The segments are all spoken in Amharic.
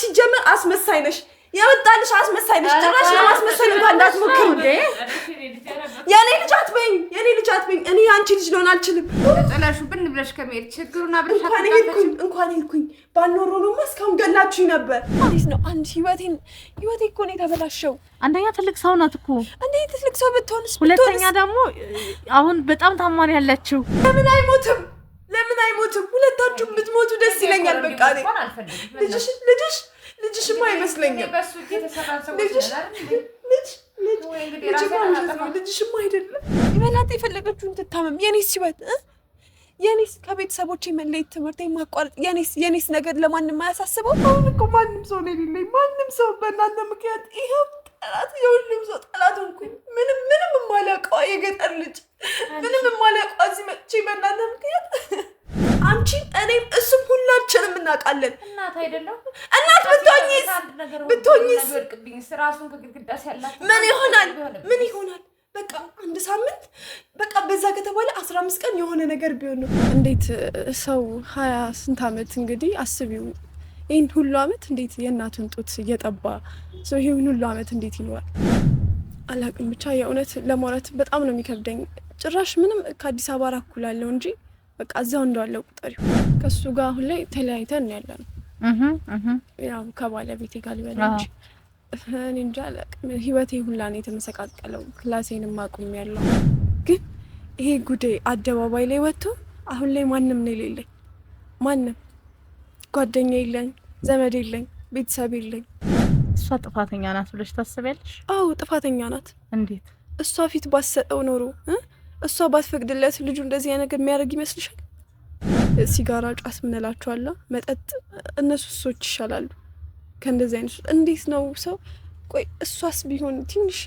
ሲጀምር አስመሳይ ነሽ። የመጣልሽ አስመሳይ ነሽ። ጭራሽ ለማስመሰል እንኳን እንዳትሞክር እንዴ! የኔ ልጅ አትበይኝ፣ የእኔ ልጅ አትበይኝ። እኔ አንቺ ልጅ ልሆን አልችልም። ጥለሹ ብን ብለሽ ከመሄድ ችግሩን አብረሽ እንኳን ሄድኩኝ እንኳን ሄድኩኝ ባልኖሮ ነው እስካሁን ገላችሁኝ ነበር። እንዴት ነው አንድ ህይወቴን ህይወቴ እኮ ነው የተበላሸው። አንደኛ ትልቅ ሰው ናት እኮ እንዴ ትልቅ ሰው ብትሆንስ፣ ሁለተኛ ደግሞ አሁን በጣም ታማሪ ያለችው ለምን አይሞትም ለምን አይሞትም? ሁለታችሁ ብትሞቱ ደስ ይለኛል። በቃ ልጅሽ ልጅሽ ልጅሽማ አይመስለኝም። ልጅሽማ አይደለም። ይበላጥ የፈለገችውን ትታመም። የኔስ ህይወት የኔስ ከቤተሰቦች መለየት፣ ትምህርት ማቋረጥ፣ የኔስ የኔስ ነገር ለማንም አያሳስበው። አሁን እኮ ማንም ሰው ነው የሌለኝ። ማንም ሰው በእናንተ ምክንያት ይኸው ጠላት፣ የሁሉም ሰው ጠላት ሆንኩኝ። ምንም ምንም የማላውቀዋ የገጠር ልጅ ምንም የማላውቀዋ እዚህ መጥቼ በእናንተ ምክንያት እናውቃለን። እናት አይደለም እናት ምን ይሆናል? ምን ይሆናል? በቃ አንድ ሳምንት በቃ በዛ ከተባለ አስራ አምስት ቀን የሆነ ነገር ቢሆን ነው። እንዴት ሰው ሀያ ስንት ዓመት እንግዲህ አስቢው ይህን ሁሉ አመት እንዴት የእናቱን ጡት እየጠባ ሰው ይህን ሁሉ አመት እንዴት ይኖራል? አላቅም ብቻ የእውነት ለማውራት በጣም ነው የሚከብደኝ። ጭራሽ ምንም ከአዲስ አበባ ራኩላለው እንጂ በቃ እዚያው እንዳለ ቁጠሪው። ከእሱ ጋር አሁን ላይ ተለያይተን ያለ ነው። ያው ከባለቤቴ ጋር ልበል እኔ እንጃ ህይወቴ ሁላ ነው የተመሰቃቀለው። ክላሴንም አቁም ያለው ግን ይሄ ጉዳይ አደባባይ ላይ ወጥቶ አሁን ላይ ማንም ነው የሌለኝ። ማንም ጓደኛ የለኝ፣ ዘመድ የለኝ፣ ቤተሰብ የለኝ። እሷ ጥፋተኛ ናት ብለሽ ታስቢያለሽ? አዎ ጥፋተኛ ናት። እንዴት እሷ ፊት ባሰጠው ኖሮ እሷ ባትፈቅድለት ልጁ እንደዚህ ነገር የሚያደርግ ይመስልሻል? ሲጋራ፣ ጫት ምንላቸዋለ፣ መጠጥ፣ እነሱ እሶች ይሻላሉ ከእንደዚህ አይነት እንዴት ነው ሰው? ቆይ እሷስ ቢሆን ትንሽ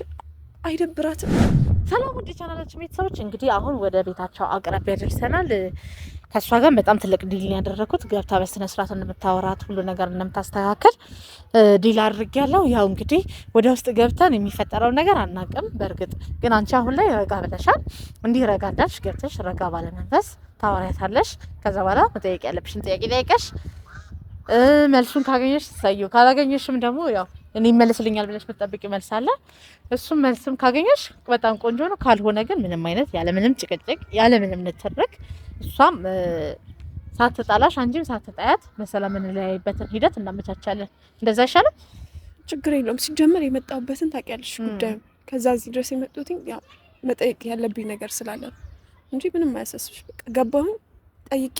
አይደብራትም? ሰላም ውድ ቻናላችን ቤተሰቦች እንግዲህ አሁን ወደ ቤታቸው አቅራቢያ ደርሰናል። ከእሷ ጋር በጣም ትልቅ ዲል ያደረግኩት ገብታ በስነ ስርዓት እንደምታወራት ሁሉ ነገር እንደምታስተካከል ዲል አድርግ ያለው። ያው እንግዲህ ወደ ውስጥ ገብተን የሚፈጠረው ነገር አናቅም። በእርግጥ ግን አንቺ አሁን ላይ ረጋ ብለሻል። እንዲህ ረጋ እንዳልሽ ገብተሽ ረጋ ባለመንፈስ ታወሪያታለሽ። ከዛ በኋላ መጠየቅ ያለብሽን ጥያቄ ጠይቀሽ መልሱን ካገኘሽ ትሳዩ፣ ካላገኘሽም ደግሞ ያው እኔ ይመልስልኛል ብለሽ መጠበቅ ይመልሳለ። እሱም መልስም ካገኘሽ በጣም ቆንጆ ነው። ካልሆነ ግን ምንም አይነት ያለምንም ጭቅጭቅ ያለምንም ንትርክ እሷም ሳትጣላሽ አንቺም ሳትጣያት በሰላም እንለያይበትን ሂደት እናመቻቻለን። እንደዛ አይሻልም? ችግር የለውም። ሲጀመር የመጣሁበትን ታውቂያለሽ ጉዳዩ ከዛ እዚህ ድረስ የመጡትኝ መጠየቅ ያለብኝ ነገር ስላለ እንጂ ምንም አያሳስብሽ። በቃ ገባሁኝ ጠይቄ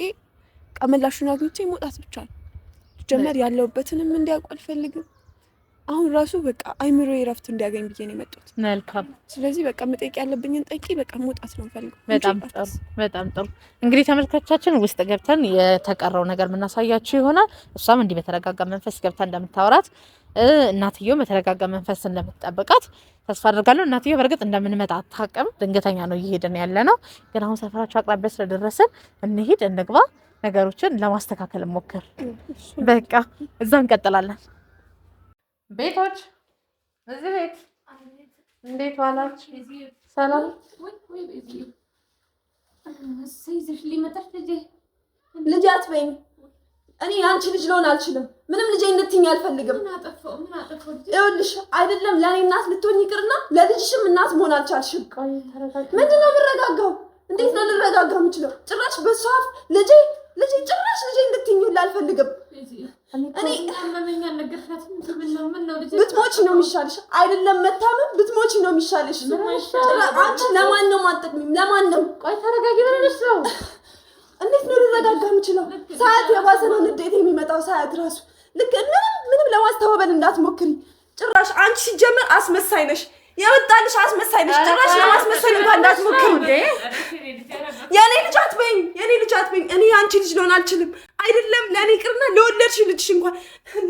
ቀመላሹን አግኝቼ መውጣት ብቻ ነው። ሲጀመር ያለሁበትንም እንዲያውቁ አልፈልግም አሁን ራሱ በቃ አይምሮ የረፍት እንዲያገኝ ብዬ ነው የመጡት። መልካም። ስለዚህ በቃ መጠየቅ ያለብኝን ጠቂ በቃ መውጣት ነው ፈልጉ። በጣም ጥሩ፣ በጣም ጥሩ። እንግዲህ ተመልካቾቻችን ውስጥ ገብተን የተቀረው ነገር የምናሳያችሁ ይሆናል። እሷም እንዲህ በተረጋጋ መንፈስ ገብታ እንደምታወራት እናትየው በተረጋጋ መንፈስ እንደምትጠብቃት ተስፋ አድርጋለሁ። እናትየው በእርግጥ እንደምንመጣ አታውቅም። ድንገተኛ ነው እየሄድን ያለ ነው። ግን አሁን ሰፈራቸው አቅራቢያ ስለደረስን እንሂድ፣ እንግባ፣ ነገሮችን ለማስተካከል ሞክር። በቃ እዛ እንቀጥላለን። ቤቶች እዚህ ቤት እንዴት ዋላችሁ? ሰላም ልጅ አትበይኝ። እኔ አንቺ ልጅ ልሆን አልችልም። ምንም ልጄ እንድትይኝ አልፈልግም። ይኸውልሽ አይደለም ለእኔ እናት ልትሆኝ ይቅርና ለልጅሽም እናት መሆን አልቻልሽም። ምንድን ነው የምረጋጋው? እንዴት ነው ልረጋጋ የምችለው? ጭራሽ በሷፍ ልጄ ልጄ ጭራሽ ልጄ እንድትይኝ አልፈልግም። ብትሞች ነው የሚሻልሽ፣ አይደለም መታመም፣ ብትሞች ነው የሚሻልሽ። አንቺ ለማን ነው ማጠቅሚም? ለማን ነው? ቆይ ተረጋጊ። ነው እንዴት ነው ልረጋጋ የምችለው? ሳያት የባሰ ነው ንዴት የሚመጣው። ሳያት ራሱ ልክ ምንም ለማስተባበል እንዳትሞክሪ። ጭራሽ አንቺ ሲጀምር አስመሳይ ነሽ። የመጣልሽ አስመሳይ ነሽ። ጭራሽ ለማስመሰል እንኳን እንዳትሞክሪ። የኔ ልጅ አትበይኝ፣ የኔ ልጅ አትበይኝ። እኔ አንቺ ልጅ ልሆን አልችልም። አይደለም ለእኔ ቅርና ለወለድሽ ልጅሽ እንኳን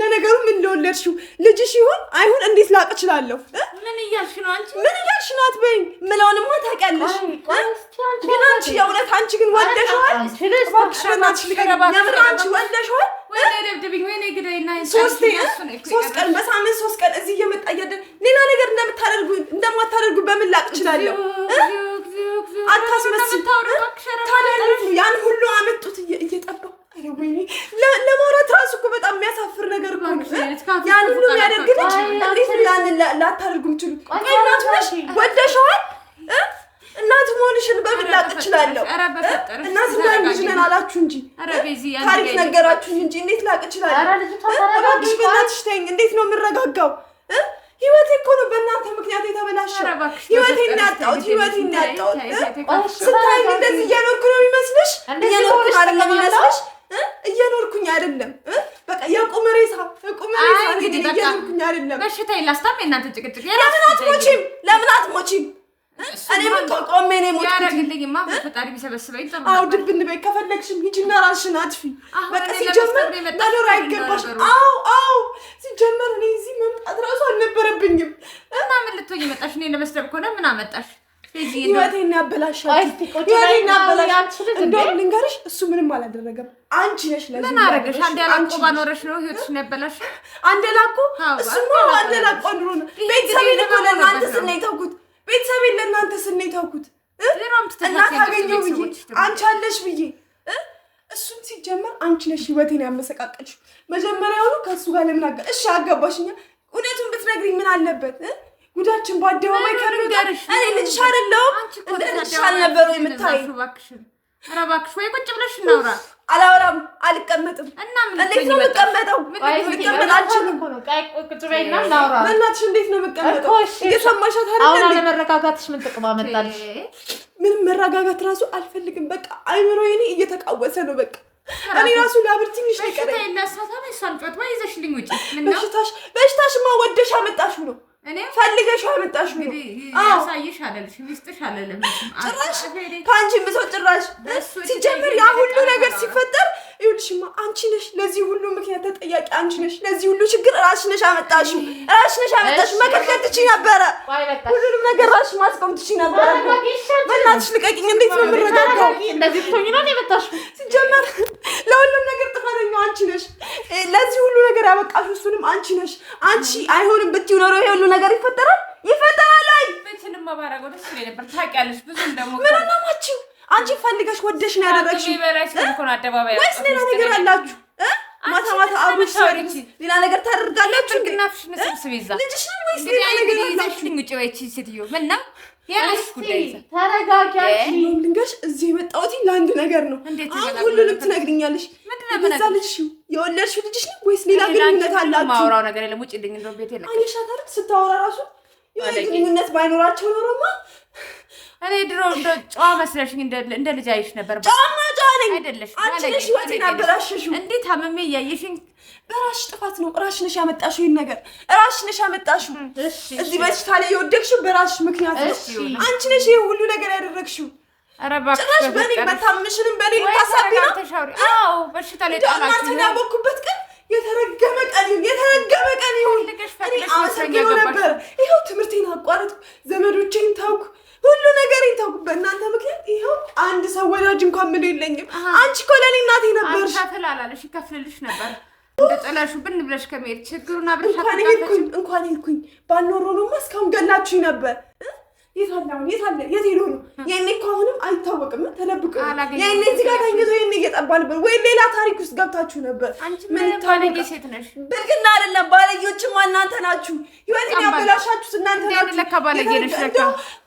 ለነገሩ ምን ለወለድሽው ልጅሽ ይሁን አይሁን እንዴት ላቅ እችላለሁ? ምን እያልሽ ነው አንቺ? ምን እያልሽ ነው አትበይኝ። ምለውንማ ታውቂያለሽ። ግን አንቺ የእውነት አንቺ ግን ወልደሽዋል። እባክሽ ሶስት ቀን በሳምንት ሶስት ቀን እዚህ እየመጣ እያደን ሌላ ነገር እንደምታደርጉ እንደማታደርጉ በምን ላቅ እችላለሁ? አታስመስል። ታዲያ ያን ሁሉ አመጡት እየጠባው ለማውራት ራሱ እኮ በጣም የሚያሳፍር ነገር ያን ሁሉ የሚያደርግ ልጅ እንዴት ያንን ላታደርጉ ምችሉ? እናቱ ነሽ፣ ወደሸዋል። እናት መሆንሽን በምን ላቅ እችላለሁ? እናትና ልጅ ነን አላችሁ እንጂ ታሪክ ነገራችሁኝ እንጂ እንዴት ላቅ እችላለሁ? እባክሽ በእናትሽ ተይኝ። እንዴት ነው የምረጋጋው? ህይወቴ እኮ ነው በእናንተ ምክንያት የተበላሸው። ህይወቴ እናጣሁት፣ ህይወቴ እናጣሁት። ስታይኝ እንደዚህ እየኖርኩ ነው የሚመስልሽ? እየኖርኩ አይደለም የሚመስልሽ እየኖርኩኝ አይደለም። በቃ የቁም ሬሳ የቁም ሬሳ እየኖርኩኝ አይደለም። በሽታ የላስታም የእናንተ ጭቅጭቅ። ለምን አትሞቺም? ለምን አትሞቺም? እኔ ምን ነው ሞት ያረግልኝማ። ፈጣሪ ቢሰበስበኝ ጥሩ። አዎ ድብን በይ። ከፈለግሽም ሂጂና ራስሽን አጥፊ። በቃ ሲጀመር ለዶር አይገባሽ። አዎ አዎ፣ ሲጀመር እኔ እዚህ መምጣት ራሱ አልነበረብኝም። እና ምን ልትሆኝ መጣሽ? እኔ ለመስደብ ከሆነ ምን አመጣሽ? ህይወቴን ያበላሻችሁ፣ ልንገርሽ፣ እሱ ምንም አላደረገም። አንቺ ነሽ ለዚህ ምን አደረገሽ? አንዴ ላቆ ባኖረሽ ነው ህይወትሽን ያበላሽው። አንዴ ላቆ እሱማ አንዴ ላቆ ድሮ ነው። ቤተሰቤን እኮ ለእናንተ ስናይ ተውኩት። ቤተሰቤን ለእናንተ ስናይ ተውኩት። እናት አገኘሁ ብዬ አንቺ አለሽ ብዬ እሱም ሲጀመር አንቺ ነሽ ህይወቴን ያመሰቃቀልሽ። መጀመሪያውኑ ከእሱ ጋር ለምን አጋ እሺ አጋባሽኛ። እውነቱን ብትነግሪኝ ምን አለበት? ጉዳችን በአደባባይ ከርንገርሽ እኔ ልጅሽ አይደለሁም እንደ ልጅሽ አልነበረው የምታይ ኧረ እባክሽ ወይ ቁጭ ብለሽ እናውራ። አላወራም፣ አልቀመጥም። እንዴት ነው የምቀመጠው? ልቀመጥ አልችልም። በእናትሽ እንዴት ነው የምቀመጠው? እየሰማሻት አይደል? አሁን አለመረጋጋትሽ ምን ጥቅም አመጣልሽ? ምን መረጋጋት ራሱ አልፈልግም። በቃ አይምሮ ይኔ እየተቃወሰ ነው። በቃ እኔ ራሱ ላብር ትንሽ ነው በሽታሽ በሽታሽ ማ ወደሽ አመጣሽው ነው እኔ ፈልገሽ አመጣሽ። እንግዲህ ያሳይሽ አለልሽ ሚስጥሽ አለልሽ ጭራሽ ከአንቺ ብሰው ጭራሽ ሲጀምር ያ ሁሉ ነገር ሲፈጠር ይኸውልሽማ አንቺ ነሽ ለዚህ ሁሉ ምክንያት ተጠያቂ አንቺ ነሽ። ለዚህ ሁሉ ችግር ራስሽ ነሽ አመጣሽው፣ ራስሽ ነሽ አመጣሽው። መከልከል ትችይ ነበረ፣ ሁሉንም ነገር ራስሽ ማስቆም ትችይ ነበረ። በእናትሽ ልቀቂኝ። እንዴት ነው የምረጋጋው? ሲጀመር ለሁሉም ነገር ጥፋተኛው አንቺ ነሽ። ለዚህ ሁሉ ነገር ያበቃሽው እሱንም አንቺ ነሽ። አንቺ አይሆንም ብትይው ኖሮ ይሄ ሁሉ ነገር ይፈጠራል ይፈጠራል። አይ ምንም ማባረጎ ብዙ ምን አማራጭ አንቺ ፈልገሽ ወደሽ ነው ያደረግሽ ወይስ ሌላ ነገር አላችሁ? ማታ ማታ አብሽ ሌላ ነገር ታደርጋላችሁ? ግናፍሽ ንስብስብ ልጅሽ ነው ወይስ ሌላ ነገር አላችሁ? ንጭ ሴትዮ ጉዳይ ነው ልንገርሽ፣ እዚህ የመጣሁት ለአንድ ነገር ነው። አሁን ሁሉንም ትነግሪኛለሽ። እዛ ልጅሽ የወለድሽው ልጅሽ ነው ወይስ ሌላ ግንኙነት አላችሁ? ማውራው ነገር ልኝ አየሻት አይደል ስታወራ እራሱ የሆነ ግንኙነት ባይኖራቸው ኖሮማ እኔ ድሮ እንደ ጨዋ መስለሽኝ እንደ ልጅ አይሽ ነበር። ጨዋማ ጨዋ ነኝ አይደለሽ? አንቺ ህይወቴን አበላሸሽው። እንዴት አመሜ እያየሽኝ። በራሽ ጥፋት ነው። ራሽ ነሽ ያመጣሽው ይሄን ነገር፣ ራሽ ነሽ ያመጣሽው። እዚህ በሽታ ላይ የወደቅሽው በራሽ ምክንያት ነው። አንቺ ነሽ ይሄ ሁሉ ነገር ያደረግሽው። ጭራሽ በእኔ መታምሽንም በእኔ ልታሳቢ ነው። በሽታ ላይ ጣላችሁ። ያወኩበት ቀን የተረገመ ቀን ይሁን፣ የተረገመ ቀን ይሁን። እኔ አመሰግነው ነበር። ይኸው ትምህርቴን አቋረጥኩ። ዘመዶች አንድ ሰው ወዳጅ እንኳን ምን የለኝም። አንቺ እኮ ለእኔ እናቴ ነበርሽ። ተፈላለሽ ይከፍልልሽ ነበር እንደጠላሹ ብን ብለሽ ከመሄድ ችግሩና ብለሽ እንኳን ሄድኩኝ ባልኖሮ ነው እስካሁን ገላችሁኝ ነበር። የት የት ሄዶ ነው? የእኔ እኮ አሁንም አይታወቅም። ተደብቀ የእኔ እዚህ ጋር ተኝቶ የእኔ እየጠባ ነበር ወይ ሌላ ታሪክ ውስጥ ገብታችሁ ነበር። ምን ባለጌ ሴት ነሽ። ብልግና አይደለም። ባለጌዎችማ እናንተ ናችሁ። ህይወትን ያበላሻችሁት እናንተ ናችሁ። ለካ ባለጌ ነሽ ለካ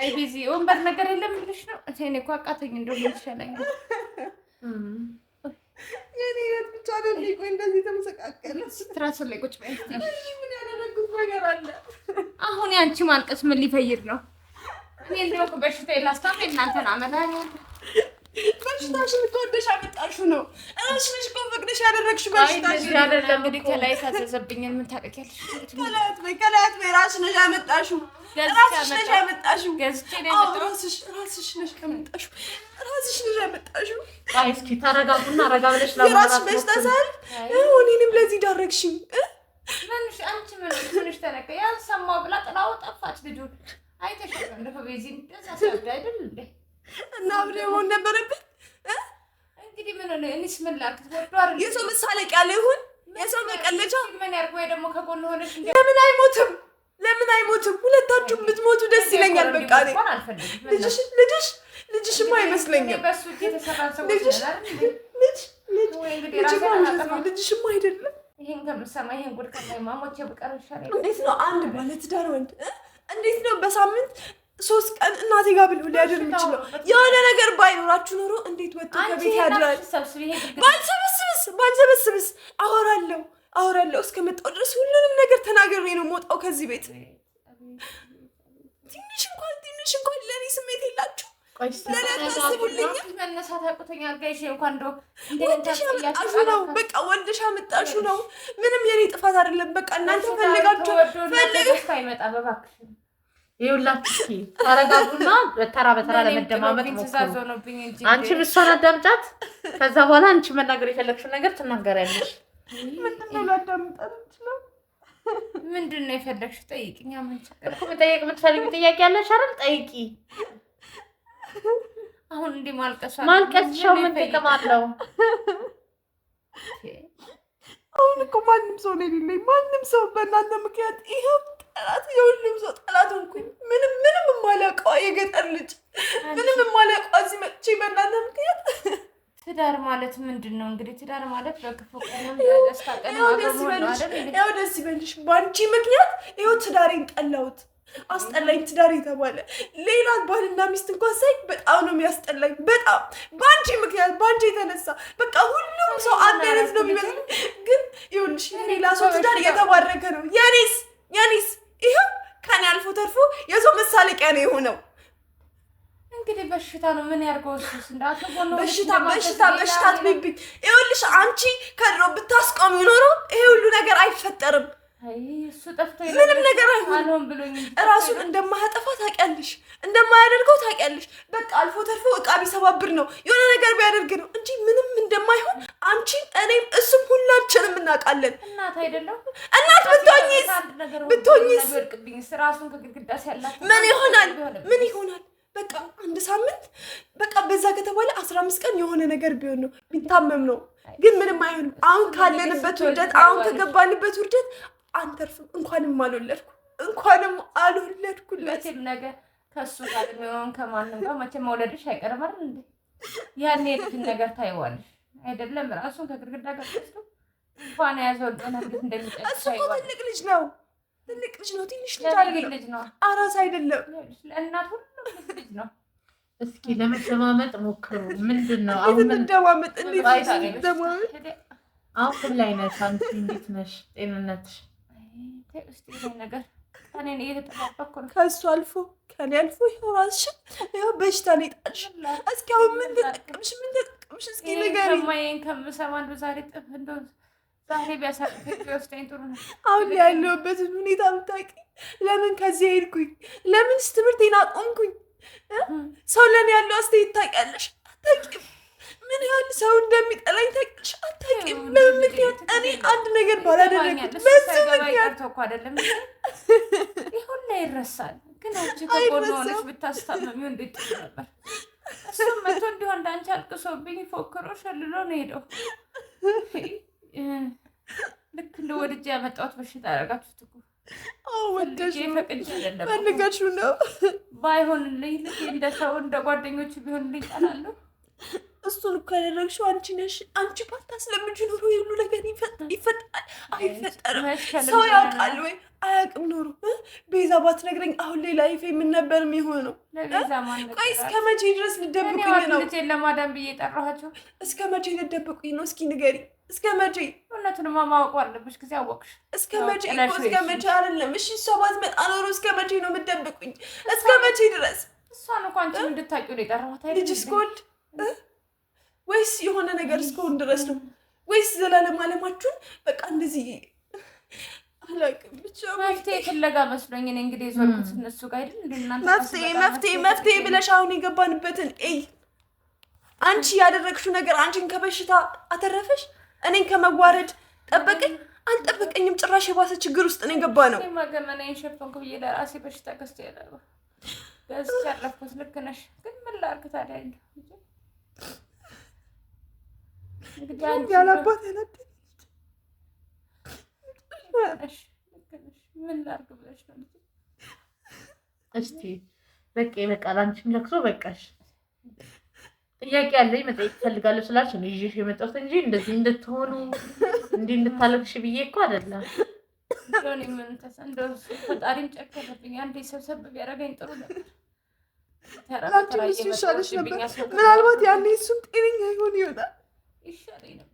አይ ቢዚ ወንበር ነገር የለም ብለሽ ነው? እኔ እኮ አቃተኝ። እንደው ምን የኔ ህይወት ብቻ አይደል? ቆይ እንደዚህ ተመሰቃቀለ ስትራስ ላይ ቁጭ በይ። ምን ያደረግኩት ነገር አለ? አሁን ያንቺ ማልቀስ ምን ሊፈይድ ነው? እኔ እንደው በሽታ የላስታም እናንተን አመላኝ በሽታሽን እኮ ወደሽ አመጣሽው ነው። እራስሽ እኮ ፈቅደሽ ያደረግሽው በሽታሽን አይደለም። እንግዲህ ከላይ ታዘዘብኝን ምን ታውቂያለሽ? ከላት በይ ከላት በይ እራስሽ ነሽ ያመጣሽው፣ እራስሽ ነሽ ያመጣሽው፣ እራስሽ እራስሽ ነሽ ያመጣሽው፣ እራስሽ ነሽ ያመጣሽው። አይ እስኪ ተረጋጉና ረጋ ብለሽ የእራስሽ በሽታ ሳይል እኔንም ለዚህ ዳረግሽኝ። ትንሽ አንቺ ምን ትንሽ ተነቀ ያልሰማው ብላ ጥላው ጠፋች። ልጁን አይተሽ እንደፈ ቤዚ እንደዛ ሰዳ አይደል እንዴ እና አብሬ መሆን ነበረብን። እንግዲህ ምን ሆነ? እኔስ ምን ላድርግ? የሰው መሳለቂያ ያለ ይሁን የሰው መቀለጃ ደግሞ ከጎን ሆነሽ ለምን አይሞትም? ለምን አይሞትም? ሁለታችሁ የምትሞቱ ደስ ይለኛል። በቃ ልጅሽ ልጅሽ ልጅሽማ አይመስለኝም። ልጅሽማ አይደለም። እንዴት ነው አንድ ባለትዳር ወንድ እንዴት ነው በሳምንት ሶስት ቀን እናቴ ጋር ብሎ ሊያድር የሚችለው የሆነ ነገር ባይኖራችሁ ኖሮ እንዴት ወጥቶ ከቤት ያድራል? ባልሰበስብስ ባልሰበስብስ አወራለሁ አወራለሁ እስከመጣው ድረስ ሁሉንም ነገር ተናግሬ ነው የምወጣው ከዚህ ቤት። ትንሽ እንኳን ትንሽ እንኳን ለእኔ ስሜት የላችሁ በቃ ወንድሻ መጣሹ ነው። ምንም የኔ ጥፋት አይደለም። በቃ እናንተ ፈልጋችሁ ይኸውላችሁ ተረጋጉና በተራ በተራ ለመደማመጥ ሞክሩ። አንቺ እሷን አዳምጫት፣ ከዛ በኋላ አንቺ መናገር የፈለግሽው ነገር ትናገሪያለሽ። ምንድን ነው የፈለግሽው? ጠይቂኝ። መጠየቅ የምትፈልጊው ጥያቄ ያለሽ አይደል? ጠይቂ። አሁን እንዲህ ማልቀስ ማልቀስሻው ምን ጥቅም አለው? አሁን እኮ ማንም ሰው ነው የሌለኝ። ማንም ሰው በእናንተ ምክንያት ይኸው ጠላት፣ የሁሉም ሰው ጠላት ሆንኩኝ። ምንም ምንም የማላውቀዋ የገጠር ልጅ ምንም የማላውቀዋ እዚህ መጥቼ በእናንተ ምክንያት ትዳር ማለት ምንድን ነው? እንግዲህ ትዳር ማለት በክፉ ያው ደስ ይበልሽ። በአንቺ ምክንያት ይኸው ትዳሬን ጠላሁት፣ አስጠላኝ ትዳር የተባለ ሌላ ባልና ሚስት እንኳን ሳይ በጣም ነው የሚያስጠላኝ። በጣም በአንቺ ምክንያት በአንቺ የተነሳ በቃ ሁሉም ሰው አንድ አይነት ነው የሚመስል። ግን ይኸውልሽ ሌላ ሰው ትዳር የተባረከ ነው። የኔስ የኔስ ይኸው ከኔ አልፎ ተርፎ የሰው መሳለቂያ ነው የሆነው። እንግዲህ በሽታ ነው። ምን ያርገው? በሽታ በሽታ በሽታ ትብብኝ። ይኸውልሽ አንቺ ከድሮ ብታስቆም ኖሮ ይሄ ሁሉ ነገር አይፈጠርም። ምንም ነገር አይሆንም ብሎኝ እራሱን እንደማያጠፋ ታውቂያለሽ፣ እንደማያደርገው ታውቂያለሽ። በቃ አልፎ ተርፎ እቃ ቢሰባብር ነው የሆነ ነገር ቢያደርግ ነው እንጂ ምንም እንደማይሆን አንቺም፣ እኔም፣ እሱም ሁላችንም እናውቃለን። እናት አይደለም እናት ምን ይሆናል? ምን ይሆናል? በቃ አንድ ሳምንት በቃ በዛ ከተባለ አስራ አምስት ቀን የሆነ ነገር ቢሆን ነው ቢታመም ነው። ግን ምንም አይሆንም። አሁን ካለንበት ውርደት አሁን ከገባንበት ውርደት አንተርፍም። እንኳንም አልወለድኩ እንኳንም አልወለድኩለት። ነገ ከሱ ጋር የሚሆን ከማንም ጋር መቼም መውለድሽ አይቀርም አይደል እንዴ? ያን የልጅን ነገር ታይዋለሽ አይደለም? ራሱን ከግድግዳ ጋር ስቶ እንኳን የያዘው ወደሆነ እንዴት እንደሚጨ እሱ ትልቅ ልጅ ነው። ትልቅ ልጅ ነው። ትንሽ ልጅ ነው። አራስ አይደለም። ለእናት ሁሉ ልጅ ነው። እስኪ ለመደማመጥ ሞክሩ። ምንድን ነው አሁን መደማመጥ? እንዴት ደማመጥ? አሁን ላይ ነሽ አንቺ? እንዴት ነሽ? ጤንነትሽ ከእሱ አልፎ ከኔ አልፎ ራስሽን በሽታ ነው የጣልሽ። እስኪ አሁን ምን ተጠቀምሽ? ምን ተጠቀምሽ? እስኪ ንገሪኝ። አሁን ያለሁበትን ሁኔታ ብታውቂ። ለምን ከዚህ ሄድኩኝ? ለምንስ ትምህርቴን አቆምኩኝ? ሰው ለእኔ ያለው አስተያየት ታውቂያለሽ? አታውቂም ምን ያህል ሰው እንደሚጠላኝ ታውቂያለሽ? አታውቂም። በምን ምክንያት እኔ አንድ ነገር ባላደረግኩት በዚህ ምክንያት አይደለም። ይህ ሁላ ይረሳል፣ ግን አንቺ ከጎኖች ብታስታመሚው እንዴት ነበር። እሱም መቶ እንዲሆን እንዳንቺ አልቅሶብኝ ፎክሮ ሸልሎ ነው ሄደው። ልክ እንደ ወድጄ ያመጣሁት በሽታ አደረጋችሁት እኮ ፈልጋችሁ ነው። ባይሆንልኝ ልክ እንደ ሰው እንደ ጓደኞች ቢሆንልኝ እጠላለሁ። እሱን እኮ ያደረግሽው አንቺ ነሽ። አንቺ ባታስለምጂ ኖሮ የሁሉ ነገር ይፈጠራል? አይፈጠርም። ሰው ያውቃል ወይ አያውቅም? ኖሮ ቤዛ ባትነግረኝ አሁን ሌላ ይፌ የምንነበር የሚሆነው? ቆይ እስከ መቼ ድረስ ልደብቁኝ ነው? ለማዳን ብዬ የጠራኋቸው እስከ መቼ ልደብቁኝ ነው? እስኪ ንገሪ እስከ መቼ እውነቱን ማወቁ አለብሽ። ጊዜ አወቅሽ እስከ መቼ እኮ እስከ መቼ አይደለም። እሺ እሷ ባትመጣ ኖሮ እስከ መቼ ነው የምትደብቁኝ? እስከ መቼ ድረስ እሷን እንኳን እንድታውቂው ነው የጠራኋት ልጅ ስኮልድ ወይስ የሆነ ነገር እስከሆን ድረስ ነው? ወይስ ዘላለም አለማችሁን በቃ እንደዚህ መፍትሄ ፍለጋ መስሎኝ እኔ እንግዲህ የዞርኩት እነሱ ጋር አይደል? መፍትሄ መፍትሄ መፍትሄ ብለሽ አሁን የገባንበትን ይ አንቺ ያደረግሽው ነገር አንቺን ከበሽታ አተረፈሽ፣ እኔን ከመዋረድ ጠበቀኝ አልጠበቀኝም። ጭራሽ የባሰ ችግር ውስጥ ነው የገባ ነው። ገመናዬን ሸፈንኩ ብዬ ለራሴ በሽታ ገዝቶ ያለበ ገዝቼ ያለፍኩት ልክ ነሽ፣ ግን ምን ላድርግ ታዲያ ያላባት ያላት ምን ላድርግ እስቲ በቃ ለቅሶ በቃሽ። ጥያቄ አለኝ መጠየቅ እፈልጋለሁ ስላልሽ ነው ይዤሽ የመጣሁት እንጂ እንደዚህ እንድትሆኑ እንዲህ እንድታለቅሽ ብዬ እኮ አይደለም። ፈጣሪም ጨከረብኝ። አንዴ ሰብሰብ ቢያደርገኝ ጥሩ ነበር። ምናልባት ያኔ እሱም ጤነኛ ይሆን ይወጣል። ይሻለኝ ነበር።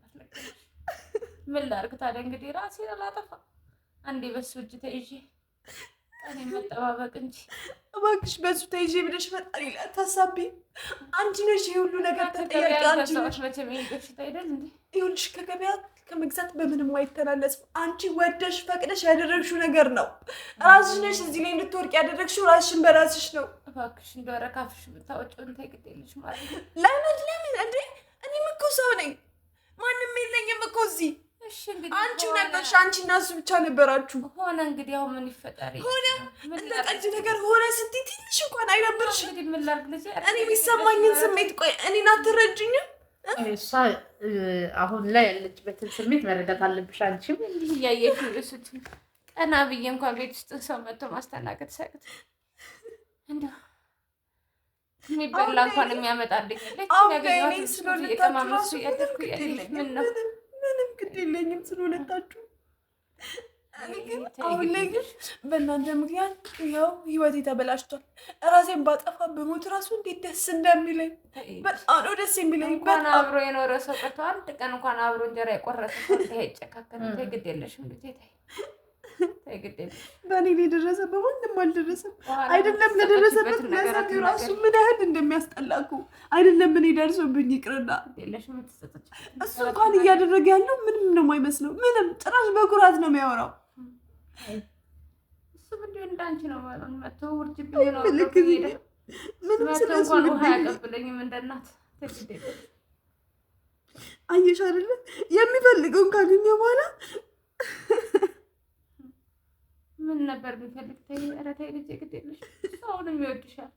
ምን ላድርግ ታዲያ እንግዲህ ራሴን አላጠፋ አንዴ በሱ እጅ ተይዤ እኔ መጠባበቅ እንጂ እባክሽ በሱ ተይዤ ብለሽ ፈጣሪ ላታሳቢ። አንቺ ነሽ ይሄ ነገር ተጠያቂ ከገበያ ከመግዛት በምንም አይተላለፍም። አንቺ ወደሽ ፈቅደሽ ያደረግሽው ነገር ነው። ራስሽ ነሽ እዚህ ላይ እንድትወርቅ ያደረግሽው ራስሽን በራስሽ ነው። እባክሽ እንደው ኧረ ካፍሽ ብታወጪው ማለት ለምን ለምን እንዴ ሰው ነኝ። ማንም የለኝም እኮ እዚህ አንቺ ነበርሽ። አንቺ እና እሱ ብቻ ነበራችሁ። ሆነ እንግዲህ ያው ምን ይፈጠር ሆነ፣ እንደ ጠጅ ነገር ሆነ። ትንሽ እንኳን አይነበርሽ። እኔ የሚሰማኝን ስሜት ቆይ፣ እኔን አትረጅኝም? እሷ አሁን ላይ ያለችበትን ስሜት መረዳት አለብሽ። አንቺም እንዲህ እያየሽ እሱት ቀና ብዬ እንኳን ቤት ውስጥ ሰው መጥቶ ማስተናገድ ሰቅት እንዲሁ የሚበላ እንኳን የሚያመጣልኝ እየቀማመሱ እያደርኩ ግድ የለኝም ስለሁለታችሁ። አሁን ላይ ግን በእናንተ ምክንያት ያው ህይወቴ ተበላሽቷል። ራሴን ባጠፋ በሞት ራሱ እንዴት ደስ እንደሚለኝ በጣም ነው ደስ የሚለኝ። እንኳን አብሮ የኖረ ሰው ቀርቶ አንድ ቀን እንኳን አብሮ እንጀራ የቆረሰ ሰው ግድ የለሽም። በእኔ ላይ ደረሰ፣ በማንም አልደረሰም። አይደለም ለደረሰበት ለዛት ራሱ ምን ያህል እንደሚያስጠላኩ አይደለም እኔ ደርሶብኝ ይቅርና እሱ እንኳን እያደረገ ያለው ምንም ነው አይመስለው። ምንም ጭራሽ በኩራት ነው የሚያወራው። አየሽ አይደለ የሚፈልገውን ካገኘ በኋላ ምን ነበር የሚፈልግ ተይ፣ ኧረ ተይ ልጄ፣ ግድ የለሽ አሁንም ይወድሻል።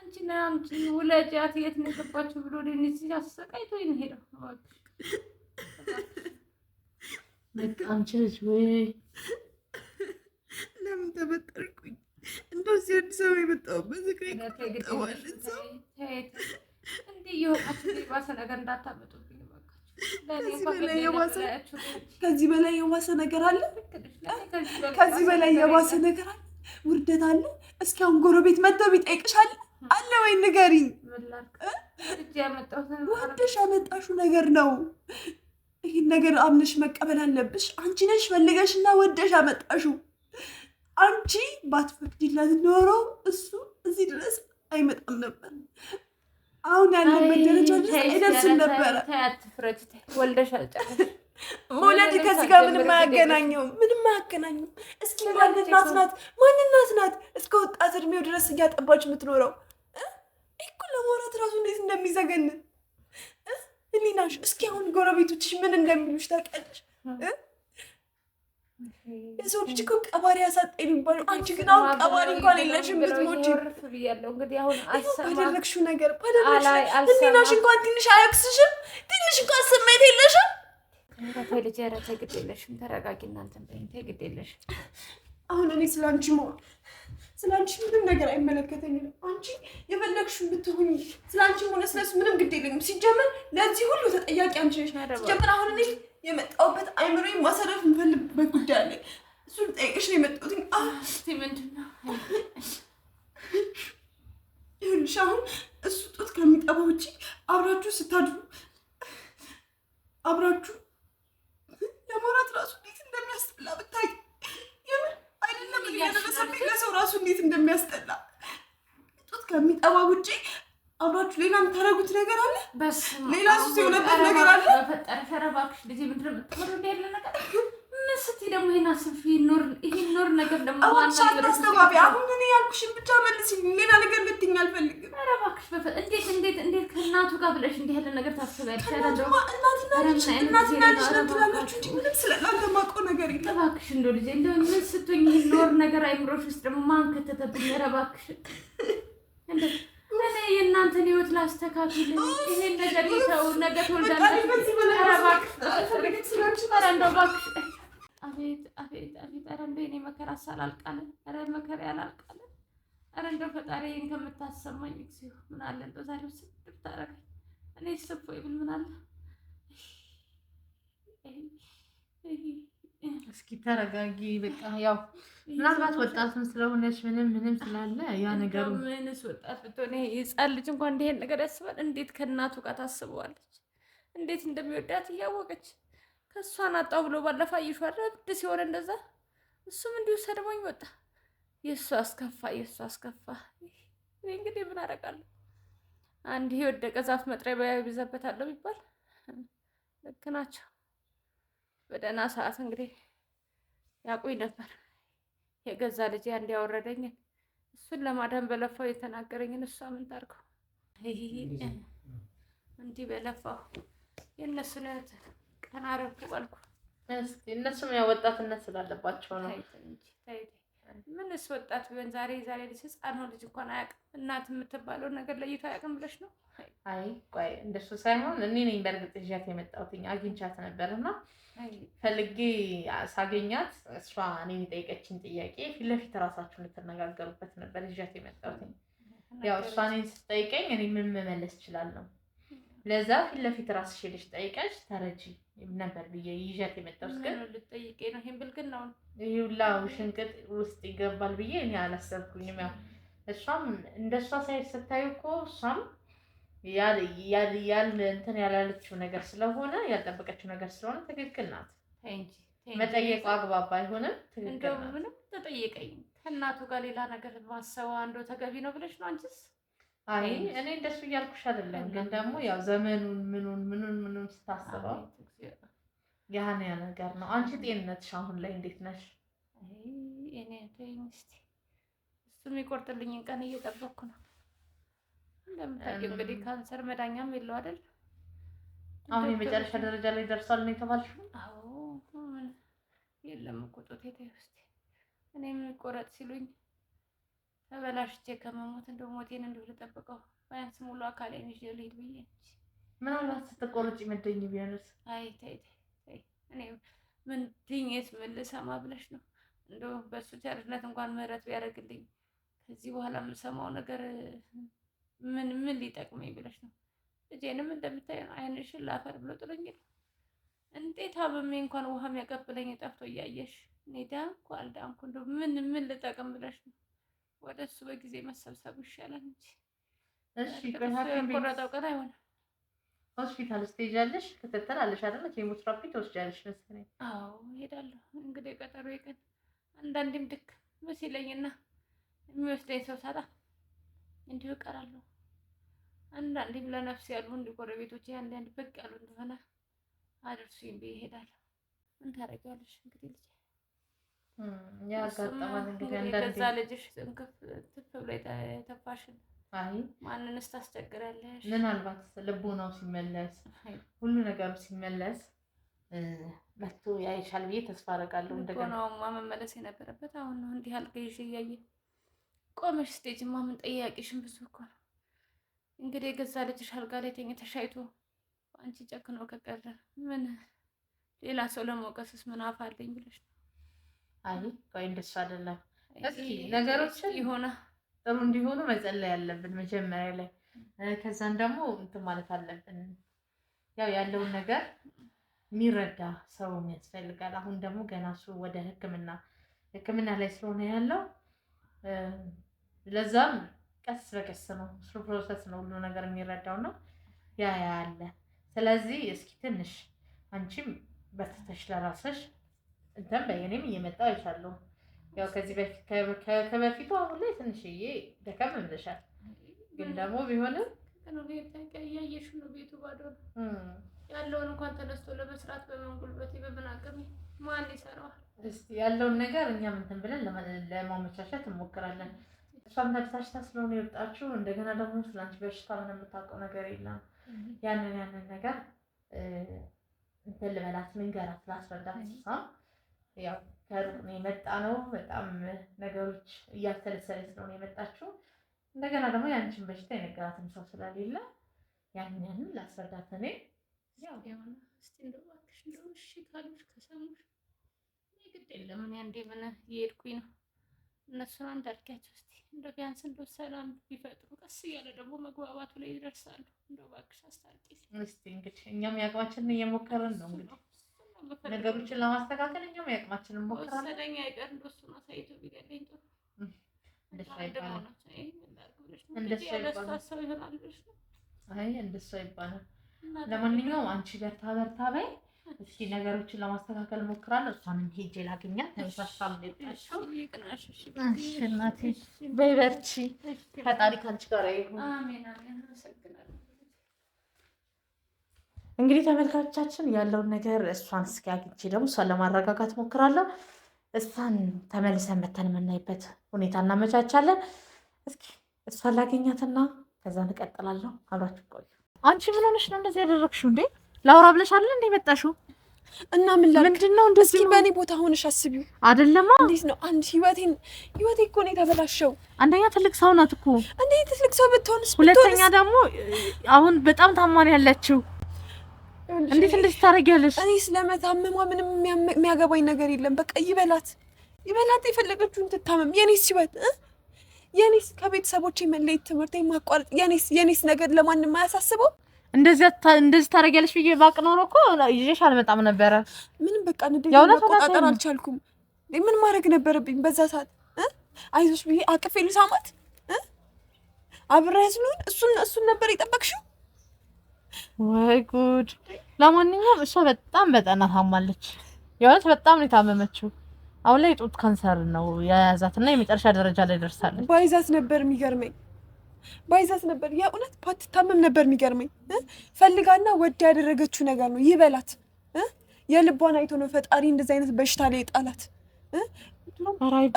አንቺና አምጪ ውለጃት፣ የት ነው ብሎ ደንዚ አሰቃይቶ ይሄዳል። በቃ አንቺ ልጅ ወይ ለምን አዲስ አበባ ሰው እንዲህ ነገር እንዳታመጡ ከዚህ በላይ የባሰ ነገር አለ? ከዚህ በላይ የባሰ ነገር አለ? ውርደት አለ? እስኪ አሁን ጎረቤት መጥተው ቢጠይቅሻል አለ ወይ ንገሪኝ። ወደሽ ያመጣሽው ነገር ነው። ይህን ነገር አምነሽ መቀበል አለብሽ። አንቺ ነሽ ፈልገሽ እና ወደሽ ያመጣሽው። አንቺ ባትፈቅድላት ኖሮ እሱ እዚህ ድረስ አይመጣም ነበር። አሁን ያለበት ደረጃ አይደርስም ነበረ። መውለድ ከዚህ ጋር ምንም አያገናኘውም፣ ምንም አያገናኘውም። እስኪ ማንናት ናት? ማንናት ናት? እስከ ወጣት እድሜው ድረስ እያጠባች የምትኖረው እኮ ለማውራት ራሱ እንዴት እንደሚዘገንን እኔ ናሽ። እስኪ አሁን ጎረቤቶችሽ ምን እንደሚሉሽ ታውቂያለሽ? የሰው ልጅ እኮ ቀባሪ ያሳጣ የሚባለው አንቺ ግን አሁን ቀባሪ እንኳን የለሽም። ብትሞች ባደረግሽው ነገር ባደረግሽ እንኳን ትንሽ አያክስሽም? ትንሽ እንኳን ስሜት የለሽም? ልጅ ኧረ ተይ ግድ የለሽም፣ ተረጋጊ። እናንተ ተይ ግድ የለሽም። አሁን እኔ ስለ አንቺ መሆን ስለ አንቺ ምንም ነገር አይመለከተኝም። አንቺ የፈለግሽው ብትሆኝ ስለ አንቺ ሆነ ስለሱ ምንም ግድ የለኝም። ሲጀመር ለዚህ ሁሉ ተጠያቂ አንቺ ነሽ። ሲጀመር አሁን እኔ የመጣሁበት አይምሮ ማሳረፍ የምፈልግበት ጉዳይ አለ። እሱን ጠይቅሽ ነው የመጣሁት። ይኸውልሽ አሁን እሱ ጡት ከሚጠባ ውጭ አብራችሁ ስታድሩ አብራችሁ ለማራት ራሱ እንዴት እንደሚያስጠላ ብታይ አይደለም። እያደረሰብኝ ለሰው ራሱ እንዴት እንደሚያስጠላ ጡት ከሚጠባ ውጭ አብራችሁ ሌላ የምታደርጉት ነገር አለ? ሌላ ሱስ የሆነበት ነገር አለ? በፈጠረ ልጅ ምድር ምትወርድ ያለ ነገር ደግሞ ይሄን አስብ ይኖር ነገር ደግሞ አስተባቢ አሁን ግን ያልኩሽን ብቻ መልስ፣ ሌላ ነገር ልትይኝ አልፈልግም። እንዴት እንዴት እንዴት ከእናቱ ጋር ብለሽ እንዲህ ያለ ነገር ታስቢያለሽ? እናትና ልጅ እናትና ልጅ ትላላችሁ እንጂ ምንም ስለእናንተ ነገር የለም። እንደው ልጅ እንደው ምን ስትሆኝ ነገር አይምሮሽ ውስጥ ደግሞ ማን ከተተብኝ? ምን የእናንተን ህይወት ላስተካክል፣ ይሄን ነገር ይተው፣ ነገ ትወልዳላችሁ። ኧረ እባክሽ፣ አቤት አቤት አቤት! ኧረ መከራ ሳላልቃለን፣ ኧረ መከራ ያላልቃለን። ኧረ እንደው ፈጣሪ ይሄን ከምታሰማኝ እግዚኦ፣ ምን አለ እንደው ዛሬው ስድብ ታረጋኝ። እኔ ስፎ ይብል ምን አለ እስኪ ተረጋጊ። በቃ ያው ምናልባት ወጣትም ስለሆነች ምንም ምንም ስላለ ያ ነገሩ ምንስ ወጣት ብትሆን የህፃን ልጅ እንኳን እንዲሄን ነገር ያስባል። እንዴት ከእናቱ ጋር ታስበዋለች? እንዴት እንደሚወዳት እያወቀች ከእሷን አጣው ብሎ ባለፈ ይሿረ ብድ ሲሆን እንደዛ እሱም እንዲሁ ሰድሞኝ ወጣ። የእሱ አስከፋ፣ የእሱ አስከፋ። እኔ እንግዲህ ምን አደርጋለሁ? አንድ የወደቀ ዛፍ መጥረቢያ ይበዛበታል ይባል ልክ ናቸው። በደህና ሰዓት እንግዲህ ያቁይ ነበር። የገዛ ልጅ አንድ ያወረደኝ እሱን ለማዳን በለፋው የተናገረኝን እሷ ምን ታርገው እንዲህ በለፋው የእነሱን ቀን አረኩ አልኩ። እነሱም ያው ወጣትነት ስላለባቸው ነው። ምንስ ወጣት ቢሆን ዛሬ ዛሬ ልጅ ህፃን ልጅ እንኳን አያውቅም። እናት የምትባለው ነገር ለይቶ አያውቅም ብለሽ ነው? አይ ቆይ እንደሱ ሳይሆን እኔ ነኝ በእርግጥ ይዣት የመጣሁትኝ አግኝቻት ነበር እና ፈልጌ ሳገኛት እሷ እኔን የጠየቀችኝ ጥያቄ ፊት ለፊት እራሳችሁ ልትነጋገሩበት ነበር ይዣት የመጣሁትኝ። ያው እሷ እኔን ስትጠይቀኝ እኔ ምን መመለስ እችላለሁ? ለዛ ፊት ለፊት እራስሽ ሄደሽ ጠይቀሽ ተረጂ ነበር ብዬ ይዣት የመጣው እስከ ልጠይቄ ነው። ይህን ብልግናውን ይውላ ሽንቅጥ ውስጥ ይገባል ብዬ እኔ አላሰብኩኝም። ያው እሷም እንደ እሷ ሳይ ስታዩ እኮ እሷም ያል ያል እንትን ያላለችው ነገር ስለሆነ ያልጠበቀችው ነገር ስለሆነ ትክክል ናት መጠየቁ አግባብ አይሆንም። ትክክል ምንም ተጠየቀኝ ከእናቱ ጋር ሌላ ነገር ማሰብ አንዱ ተገቢ ነው ብለሽ ነው አንቺስ አይ እኔ እንደሱ እያልኩሽ አይደለም፣ ግን ደግሞ ያው ዘመኑን ምኑን ምኑን ምኑን ስታስበው ያህን ያ ነገር ነው። አንቺ ጤንነትሽ አሁን ላይ እንዴት ነሽ? እሱ የሚቆርጥልኝን ቀን እየጠበኩ ነው። እንደምታውቂው እንግዲህ ካንሰር መዳኛም የለው አይደል? አሁን የመጨረሻ ደረጃ ላይ ደርሷል ነው የተባልሽው? የለም እኮ ጡቴ ውስጥ እኔ የሚቆረጥ ሲሉኝ በላሽቼ ከመሞት እንደው ሞቴን እንደው ልጠብቀው ባያንስ ሙሉ አካል ይዤ ልሂድ ብዬ ምናልባት ስትቆርጭ መደኝ ቢያንስ አይ ተይ ተይ እኔ ምን ትኝት ምን ልሰማ ብለሽ ነው? እንደው በእሱ ቸርነት እንኳን ምህረት ቢያደርግልኝ ከዚህ በኋላ የምሰማው ነገር ምን ምን ሊጠቅመኝ ብለሽ ነው? ልጄንም እንደምታይ አይንሽን ላፈር ብሎ ጥሎኝ እንዴት አበሜ እንኳን ውሃ የሚያቀብለኝ ጠፍቶ እያየሽ እኔ ዳንኩ አልዳንኩ እንደው ምን ምን ልጠቅም ብለሽ ነው? ወደ እሱ በጊዜ መሰብሰቡ ይሻላል እንጂ ቆረጠው ቀን አይሆንም። ሆስፒታል ስትሄጃለሽ ክትትል አለሽ አይደለ? ኬሞትራፒ ትወስጃለሽ መሰለኝ። አዎ እሄዳለሁ። እንግዲህ ቀጠሮ ቀን አንዳንዴም ድክ ይለኝና የሚወስደኝ ሰው ሳጣ እንዲሁ እቀራለሁ። አንዳንዴም ለነፍስ ያሉ እንዲ ጎረቤቶች አንዳንድ በቅ ያሉ እንደሆነ አድርሱኝ ብዬ እሄዳለሁ። ምን ታደርጊያለሽ እንግዲህ ልጅ ገዛ ልጅሽ እንክፍ ትፍ ብሎ የተፋሽን ማንንስ ታስቸግራለሽ? ምናልባት ሲመለስ ሁሉ ነገሩ ሲመለስ መቶ ያይሻል ብዬ ተስፋ አደርጋለሁ። እንደገናማ መመለስ የነበረበት አሁን ነው። እንዲህ አልገይሽ እያየ ቆመሽ ስቴጅማ ምን ጠያቂሽን ብዙ እኮ ነው። እንግዲህ የገዛ ልጅሽ አልጋ ላይ ተኝተሽ አይቶ አንቺ ጨክኖ ከቀረ ምን ሌላ ሰው ለመውቀስስ ምን አፍ አለኝ ብለሽ አይ ቆይ እንደሱ አይደለም። እስኪ ነገሮችን የሆነ ጥሩ እንዲሆኑ መጸለይ ያለብን መጀመሪያ ላይ፣ ከዛን ደግሞ እንትን ማለት አለብን። ያው ያለውን ነገር የሚረዳ ሰው ያስፈልጋል። አሁን ደግሞ ገና እሱ ወደ ሕክምና ሕክምና ላይ ስለሆነ ያለው ለዛም ቀስ በቀስ ነው እሱ ፕሮሰስ ነው ሁሉ ነገር የሚረዳው ነው ያ ያለ። ስለዚህ እስኪ ትንሽ አንቺም በርትተሽ ለራስሽ እንትን በየኔም እየመጣ አይቻለሁ። ያው ከዚህ በፊት ከበፊቱ አሁን ላይ ትንሽዬ ደከም ብለሻል፣ ግን ደግሞ ቢሆንም እያየሽ ነው ቤቱ ባዶ ያለውን እንኳን ተነስቶ ለመስራት በምን ጉልበቴ በምን አቅም ማን ይሰራዋል? ያለውን ነገር እኛም እንትን ብለን ለማመቻቸት እንሞክራለን። እሷም ተብሳሽታ ስለሆነ የወጣችው እንደገና ደግሞ ስለአንቺ በሽታ ምን የምታውቀው ነገር የለም። ያንን ያንን ነገር እንትን ልበላት፣ ልንገራት፣ ላስረዳት እሷም ያው ከሩቅ ነው የመጣ ነው። በጣም ነገሮች እያሰለሰለች ነው የመጣችው። እንደገና ደግሞ ያንችን በሽታ የነገራትም ሰው ስለሌለ ያንን ላስረዳት እኔ ግድ የለም እኔ አንዴ ምን እየሄድኩኝ ነው እነሱን አንድ አድርጊያቸው እስቲ እንደው ቢያንስ እንደው ሰላም ቢፈጥሩ ቀስ እያለ ደግሞ መግባባቱ ላይ ይደርሳሉ። እንደው እባክሽ አስታርቂ እስቲ። እንግዲህ እኛም ያቅማችንን እየሞከርን ነው እንግዲህ ነገሮችን ለማስተካከል እኛም ያቅማችንን ሞክራለኝ አይቀር እንደሱ ነው ሳይቶ ቢገለኝ ጥሩ አይባልም። ለማንኛውም አንቺ በርታ በርታ በይ እስኪ ነገሮችን ለማስተካከል ሞክራለሁ። እሷንም ሄጄ ላገኛት ተመሳሳም እናቴ በይ በርቺ፣ ፈጣሪ ከአንቺ ጋር ይሁን። እንግዲህ ተመልካቾቻችን ያለውን ነገር እሷን እስኪ አግኝቼ ደግሞ እሷን ለማረጋጋት ሞክራለሁ። እሷን ተመልሰን መተን የምናይበት ሁኔታ እናመቻቻለን። እስኪ እሷን ላገኛትና ከዛ እንቀጥላለሁ። አብራችሁ ቆዩ። አንቺ ምን ሆነሽ ነው እንደዚህ ያደረግሽው እንዴ? ላውራ ብለሻለን እንዴ መጣሽው? እና ምን ላድርግ? ምንድን ነው እንደዚህ? በእኔ ቦታ ሆነሽ አስቢው። አይደለማ እንዴት ነው አንድ ህይወቴን ህይወቴ እኮ ነው የተበላሸው። አንደኛ ትልቅ ሰው ናት እኮ እንዴ፣ ትልቅ ሰው ብትሆንስ፣ ሁለተኛ ደግሞ አሁን በጣም ታማን ያለችው እንዴት እንደዚህ ታደርጊያለሽ? እኔ ስለመታመሟ ምንም የሚያገባኝ ነገር የለም። በቃ ይበላት ይበላት፣ የፈለገችውን ትታመም። የኔስ ህይወት የኔስ ከቤተሰቦች መለየት፣ ትምህርት ማቋረጥ የኔስ የኔስ ነገር ለማንም አያሳስበው። እንደዚህ ታደርጊያለሽ ብዬ ባቅ ኖሮ እኮ ይዤሽ አልመጣም ነበረ። ምንም በቃ መቆጣጠር አልቻልኩም። ምን ማድረግ ነበረብኝ በዛ ሰዓት? አይዞሽ ብዬ አቅፌ ልሳማት አብሬያት ልሁን። እሱን እሱን ነበር የጠበቅሽው ወይ ጉድ! ለማንኛውም እሷ በጣም በጠና ታማለች። የሆነች በጣም ነው የታመመችው። አሁን ላይ ጡት ካንሰር ነው የያዛት እና የመጨረሻ ደረጃ ላይ ደርሳለች። ባይዛት ነበር የሚገርመኝ፣ ባይዛት ነበር የእውነት ባትታመም ነበር የሚገርመኝ። ፈልጋና ወዳ ያደረገችው ነገር ነው። ይበላት የልቧን አይቶ ነው ፈጣሪ እንደዚህ አይነት በሽታ ላይ የጣላት።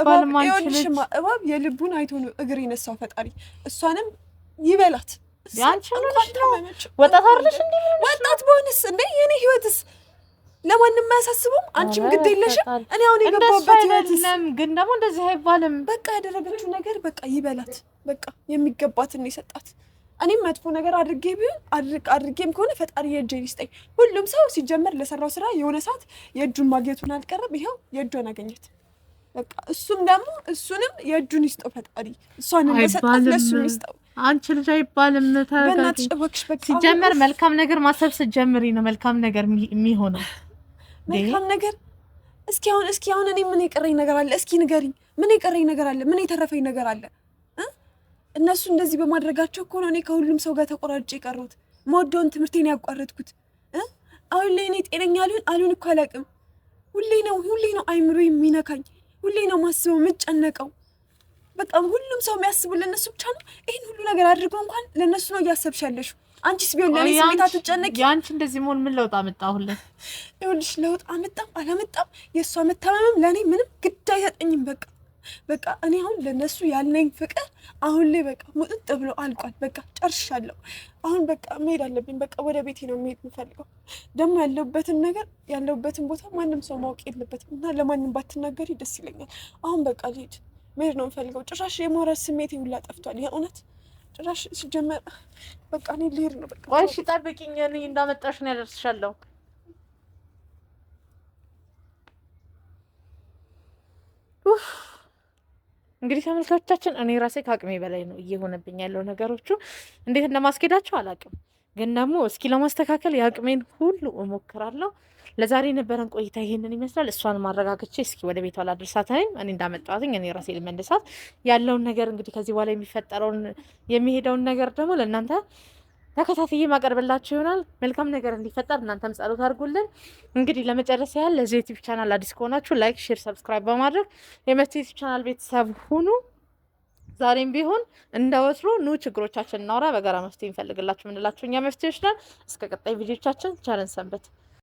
እባብ የልቡን አይቶ ነው እግር የነሳው ፈጣሪ። እሷንም ይበላት ወጣት በሆንስ እንደ የኔ ህይወትስ ለማንም አያሳስበውም። አንቺም ግድ የለሽም። እኔ አሁን የገባሁበት ህይወትስ ግን ደግሞ እንደዚህ አይባልም። በቃ ያደረገችው ነገር በቃ ይበላት። በቃ የሚገባትን የሰጣት እኔም መጥፎ ነገር አድርጌ ቢሆን አድርጌም ከሆነ ፈጣሪ የእጄን ይስጠኝ። ሁሉም ሰው ሲጀመር ለሰራው ስራ የሆነ ሰዓት የእጁን ማግኘቱን አልቀረም። ይኸው የእጇን አገኘት። በቃ እሱም ደግሞ እሱንም የእጁን ይስጠው ፈጣሪ። እሷን እንደሰጣት ለእሱም ይስጠው። አንቺ ልጅ አይባልም። ሲጀመር መልካም ነገር ማሰብ ስትጀምሪ ነው መልካም ነገር የሚሆነው። መልካም ነገር እስኪ አሁን እስኪ አሁን እኔ ምን የቀረኝ ነገር አለ? እስኪ ንገሪኝ። ምን የቀረኝ ነገር አለ? ምን የተረፈኝ ነገር አለ? እነሱ እንደዚህ በማድረጋቸው ከሆነ እኔ ከሁሉም ሰው ጋር ተቆራርጬ የቀረሁት፣ መወደውን ትምህርቴን ያቋረጥኩት። አሁን ላይ እኔ ጤነኛ ሊሆን አሉን እኮ አላውቅም። ሁሌ ነው ሁሌ ነው አይምሮ የሚነካኝ፣ ሁሌ ነው ማስበው የምጨነቀው። በጣም ሁሉም ሰው የሚያስቡ ለእነሱ ብቻ ነው። ይህን ሁሉ ነገር አድርገው እንኳን ለእነሱ ነው እያሰብሽ ያለሽ። አንቺስ ቢሆን ለእኔ ስሜት አትጨነቂ። የአንቺ እንደዚህ መሆን ምን ለውጥ አመጣ? አሁን ይኸውልሽ ለውጥ አመጣም አላመጣም የእሷ መታመምም ለእኔ ምንም ግድ አይሰጠኝም። በቃ በቃ እኔ አሁን ለእነሱ ያለኝ ፍቅር አሁን ላይ በቃ ሙጥጥ ብሎ አልቋል። በቃ ጨርሻለሁ። አሁን በቃ መሄድ አለብኝ። በቃ ወደ ቤቴ ነው መሄድ የምፈልገው። ደግሞ ያለሁበትን ነገር ያለሁበትን ቦታ ማንም ሰው ማወቅ የለበትም እና ለማንም ባትናገሪ ደስ ይለኛል። አሁን በቃ ልሂድ መሄድ ነው የምፈልገው። ጭራሽ የማውራት ስሜት ይውላ ጠፍቷል። የእውነት ጭራሽ ሲጀመር በቃ እኔ ልሄድ ነው። በቃ እሺ፣ ጠብቂኝ እንዳመጣሽ ነው ያደርስሻለሁ። እንግዲህ ተመልካቾቻችን እኔ ራሴ ከአቅሜ በላይ ነው እየሆነብኝ ያለው ነገሮቹ እንዴት እንደማስኬዳቸው አላውቅም፣ ግን ደግሞ እስኪ ለማስተካከል የአቅሜን ሁሉ እሞክራለሁ። ለዛሬ የነበረን ቆይታ ይሄንን ይመስላል። እሷን ማረጋግቼ እስኪ ወደ ቤቷ ላድርሳትኝ እኔ እንዳመጣዋትኝ እኔ ራሴ ልመልሳት ያለውን ነገር እንግዲህ ከዚህ በኋላ የሚፈጠረውን የሚሄደውን ነገር ደግሞ ለእናንተ ተከታትዬ ማቀርብላችሁ ይሆናል። መልካም ነገር እንዲፈጠር እናንተም ጸሎት አድርጉልን። እንግዲህ ለመጨረስ ያህል ለዚህ ዩቲዩብ ቻናል አዲስ ከሆናችሁ ላይክ፣ ሼር፣ ሰብስክራይብ በማድረግ የመፍትሄ ዩቲዩብ ቻናል ቤተሰብ ሁኑ። ዛሬም ቢሆን እንደ ወትሮ ኑ ችግሮቻችን እናውራ፣ በጋራ መፍትሄ እንፈልግላችሁ የምንላችሁ እኛ መፍትሄዎች ነን። እስከ ቀጣይ ቪዲዮቻችን ቸርን ሰንበት